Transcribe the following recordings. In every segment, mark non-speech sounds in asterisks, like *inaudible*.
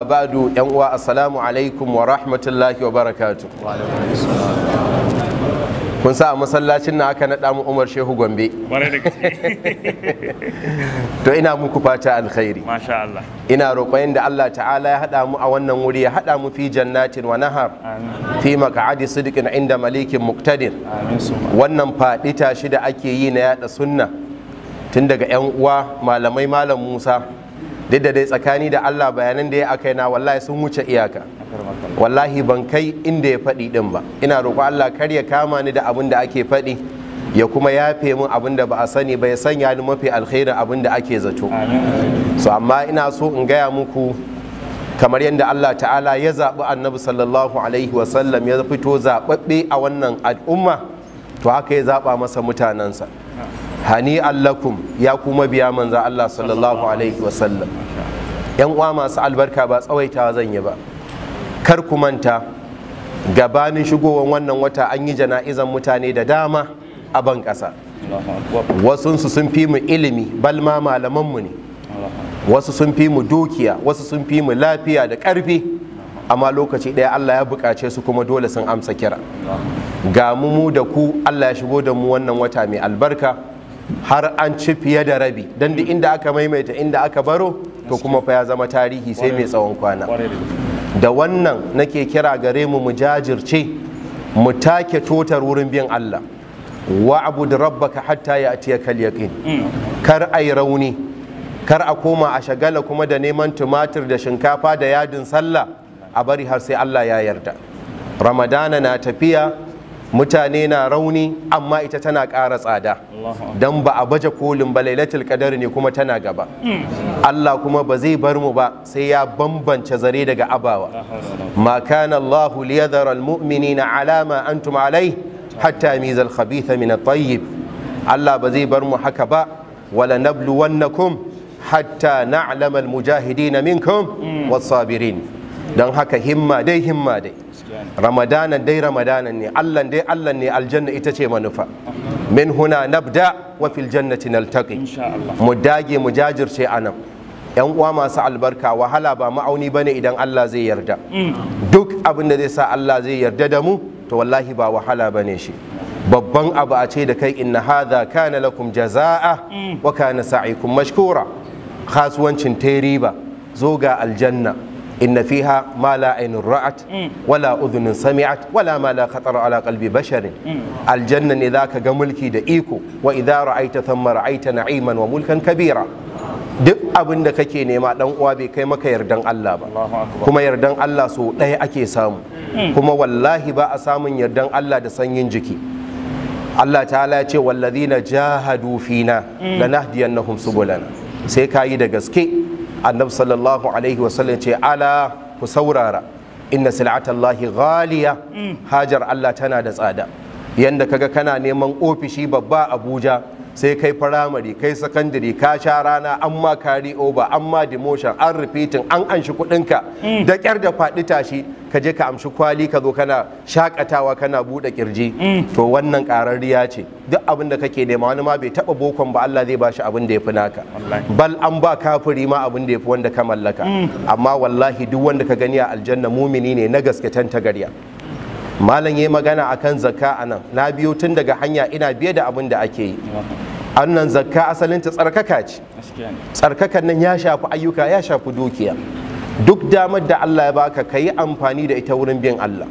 abadu yan uwa assalamu alaikum wa rahmatullahi wa barakatu kun sa a masallacin na aka naɗa mu umar shehu gombe *laughs* to ina muku fata alkhairi ina roƙon da Allah ta'ala ya haɗa mu a wannan wuri ya haɗa mu fi jannatin wa nahar fi maka'adi sidikin inda malikin muktadir wannan faɗi shida da ake yi na yaɗa sunna tun daga 'yan uwa malamai malam musa duk da dai tsakani da Allah bayanan da ya aka na wallahi sun wuce iyaka wallahi ban kai inda ya faɗi ɗin ba ina roƙo Allah kar ya kama ni da abin da ake faɗi ya kuma yafe min abin da ba a sani ba ya sanya ni mafi alkhairin abin da ake zato so amma ina so in gaya muku kamar yadda Allah ta'ala ya zaɓi annabi sallallahu alaihi wasallam ya fito zaɓaɓɓe a wannan al'umma to haka ya zaɓa masa mutanensa hani allakum ya kuma biya manza Allah sallallahu alaihi wasallam yan uwa masu albarka ba tsawaita zan yi ba kar ku manta gabanin shigowar wannan wata an yi jana'izan mutane da dama a ban ƙasa wasunsu sun fi mu ilimi bal ma malamanmu ne wasu sun fi mu dukiya wasu sun fi mu lafiya da ƙarfi amma lokaci ɗaya Allah ya buƙace su kuma dole sun amsa kira ga mu da ku Allah ya shigo da mu wannan wata mai albarka har an ci fiye da rabi don duk inda aka maimaita inda aka baro to kuma fa ya zama tarihi sai mai tsawon kwana da wannan nake kira gare mu mu jajirce mu take totar wurin bin Allah wa abu rabba rabbaka hatta ya atiya kal yaqin kar ai rauni kar a koma a shagala kuma da neman tumatir da shinkafa da yadin sallah a bari har sai Allah ya yarda ramadana na tafiya mutane na rauni amma ita tana ƙara tsada don ba a baje kolin ba lailatul qadar ne kuma tana gaba hmm. Allah kuma ba zai bar mu ba sai ya bambance zare daga abawa ma kana Allah liyadhara almu'minina ala ma antum alai hatta mizal khabitha min at-tayyib Allah ba zai bar mu haka ba wala nabluwannakum hatta na'lamal mujahidina minkum hmm. was-sabirin don haka himma dai himma dai ramadanan dai ramadanan ne allah dai allah ne aljanna ita ce manufa min huna nabda wa fil jannati naltaqi mu dage mu jajirce anan yan uwa masu albarka wahala ba ma'auni bane idan Allah zai yarda mm. duk abin da zai sa Allah zai yarda da mu to wallahi ba wahala bane shi babban abu a ce da kai inna hadha kana lakum jazaa mm. wa kana sa'ikum mashkura kasuwancin ta riba zo ga aljanna inna fiha ma la ra'at wala udhunun sami'at wala ma la khatara ala basharin aljanna ne zaka ga mulki da iko wa idza ra'aita thamma ra'aita na'iman wa mulkan kabira duk abin da kake nema dan uwa bai kai maka yardan Allah ba kuma yardan Allah so ɗaya ake samu kuma wallahi ba a samun yardan Allah da sanyin jiki Allah ta'ala ya ce wallazina jahadu na lanahdiyannahum subulana sai kayi da gaske annabi sallallahu alaihi wasallam ce ala ku saurara inna sil'atallahi ghaliya mm. hajar Allah tana da tsada yanda kaga kana neman ofishi babba Abuja sai kai firamare kai sakandare ka sha rana an kari over an ma demotion an repeating an anshi kudinka mm. da kyar da faɗi tashi ka je ka amshi kwali ka zo kana shakatawa kana buɗe kirji mm. to wannan ƙararriya ce duk abin da kake nema wani ma bai taɓa bokon ba Allah zai ba shi abin da ya fi naka bal an ba kafiri ma abin da ya fi wanda ka mallaka mm. amma wallahi duk wanda ka gani a aljanna mumini ne na gaske gaskatan tagarya malam ya magana akan zakka anan na biyo tun daga hanya ina biye da abin da ake yi annan zakka asalinta tsarkaka ce tsarkakan nan ya shafi ayyuka ya shafi dukiya duk damar da Allah ya baka ka yi amfani da ita wurin bin Allah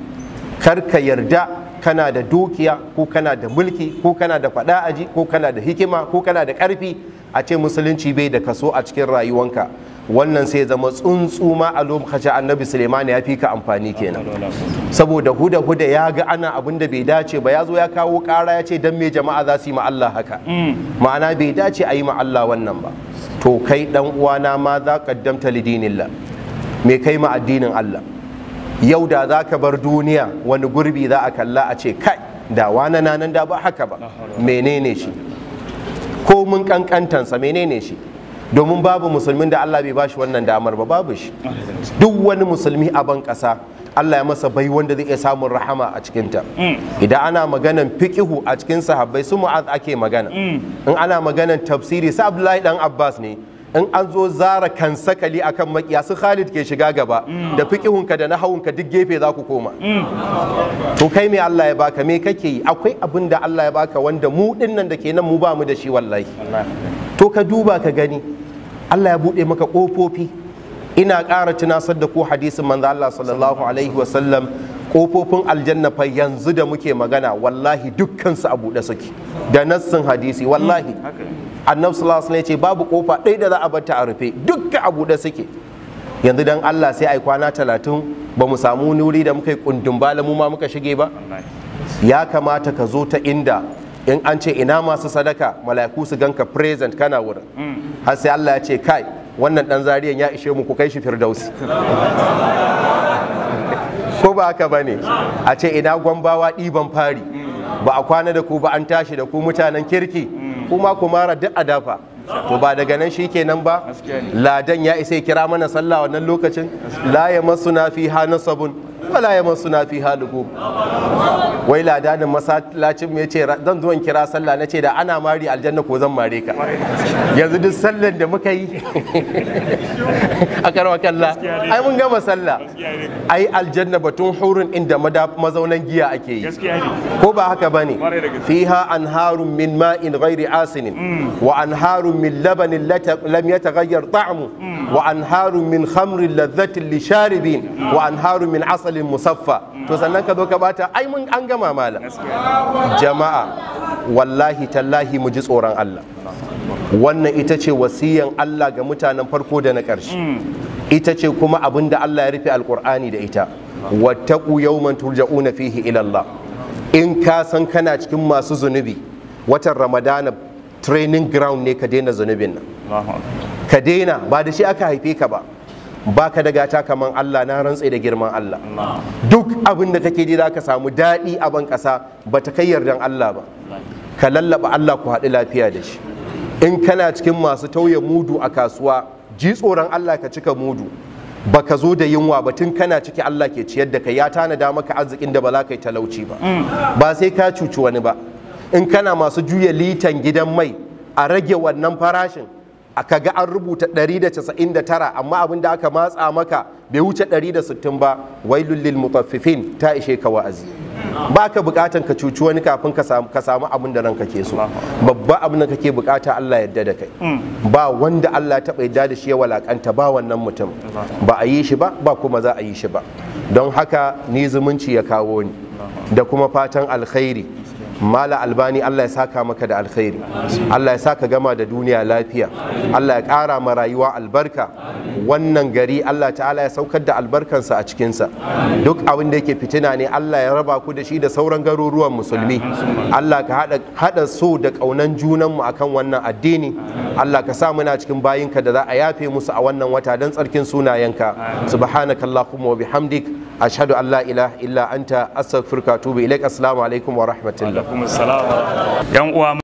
kar ka yarda kana da dukiya ko kana da mulki ko kana da faɗa aji ko kana da hikima ko kana da karfi a ce musulunci bai da kaso a cikin rayuwanka wannan sai zama tsuntsu ma a lokacin annabi suleiman ya fi ka amfani kenan saboda huda huda ya ga ana abin da bai dace ba ya zo ya kawo kara ya ce dan me jama'a za su yi ma Allah haka mm. ma'ana bai dace a yi ma Allah wannan ba to kai dan uwana ma za qaddamta lidinillah me kai ma addinin Allah yau da za ka bar duniya wani gurbi za a kalla a ce kai da na nanan da ba haka ba menene shi ko mun kankantansa menene shi domin babu musulmin da Allah bai bashi wannan damar ba babu shi duk wani musulmi a ban ƙasa Allah ya masa bai wanda zai iya samun rahama a cikinta mm. idan ana maganan fiƙihu a cikin sahabbai su mu'az ake magana mm. in ana maganan tafsiri sa Abdullahi dan Abbas ne in an zo zara kan sakali akan makiya su Khalid ke shiga gaba mm. da fiƙihunka da nahawunka duk gefe za ku koma to kai me Allah ya baka me kake yi akwai abin da Allah ya baka wanda mu dinnan da ke nan mu ba mu da shi wallahi to ka duba ka gani Allah ya buɗe maka ƙofofi ina ƙara tunasar da ku hadisin manzo Allah sallallahu alaihi wasallam ƙofofin aljanna fa yanzu da muke magana wallahi dukkansu a buɗe suke da nassin hadisi wallahi mm, annabi sallallahu alaihi wasallam ce babu ƙofa ɗaya da za a barta a rufe dukkan a buɗe suke yanzu dan Allah sai ai kwana talatin ba mu samu wuri da muka yi kundin mu ma muka shige ba ya kamata ka zo ta inda in an ce ina masu sadaka mala'iku su ganka present kana wurin har sai Allah ya ce kai wannan dan zariyan ya ishe mu ku kai shi firdausi *laughs* ko ba haka bane a ce ina gwambawa ɗiban fari ba a kwana da ku ba an tashi da ku mutanen kirki kuma ku mara duk a dafa to ba daga nan shi kenan ba ladan ya isa kira mana sallah wannan lokacin la ya masu na fi ha nasabun wala ya masu na fi ha lugu wai ladanin masallacin mai ce zan zuwan kira sallah na ce da ana mari aljanna ko zan mare ka yanzu duk sallan da muka yi a *laughs* karwa kalla ai mun gama sallah ai aljanna batun hurun inda mazaunan giya ake yi ko ba haka bane fiha anharun min ma'in ghairi asinin mm. wa anharun min labanin lam yataghayyar ta'mu mm. wa anharun min khamrin ladhatin lisharibin mm. wa anharun min asalin musaffa to sannan ka zo ka bata ai mun an gama malam jama'a wallahi tallahi mu ji tsoron Allah wannan ita ce wasiyan Allah ga mutanen farko da na ƙarshe ita ce kuma abin da Allah ya rufe alkur'ani da ita wattaqu yawman turja'una fihi ila in ka san kana cikin masu zunubi watan ramadana training ground ne ka daina zunubin nan ka daina ba da shi aka haife ka ba baka da gata kaman Allah na rantse da girman Allah duk abin da kake ji ka samu daɗi a ban ƙasa ba ta kai yardan Allah ba ka lallaba Allah ku haɗu lafiya da shi in kana cikin masu tauye mudu a kasuwa ji tsoron Allah ka cika mudu ba ka zo da yunwa ba tun kana ciki Allah ke ciyar da kai ya tanada maka arzikin da ba za ka yi talauci ba ba sai ka cuci wani ba in kana masu juya litan gidan mai a rage wannan farashin aka ga an rubuta 199 amma abin da aka matsa maka bai wuce 160 ba wailul lil mutaffifin ta ishe ka wa'azi ba ka bukatan ka cuci wani kafin ka samu abin da ranka ke so babba abin da kake bukata Allah yadda da kai hmm. ba wanda Allah taɓa yarda da shi ya walakanta ba wannan mutum ba a yi shi ba ba kuma za a yi shi ba don haka ni zumunci ya kawo ni da kuma fatan alkhairi mala albani Allah ya saka maka da alkhairi Allah ya saka gama da duniya lafiya Allah ya kara ma rayuwa albarka wannan gari Allah ta'ala ya saukar da albarkansa a cikinsa duk abin da yake fitina ne Allah ya raba ku da shi da sauran garuruwan musulmi Allah ka haɗa so da ƙaunan junanmu a kan wannan addini Allah ka sa muna cikin bayinka da za a yafe musu a wannan wata don tsarkin sunayenka subhanakallahumma wa bihamdik ashhadu an la ilaha illa anta astaghfiruka wa atubu ilaik assalamu alaikum wa rahmatullah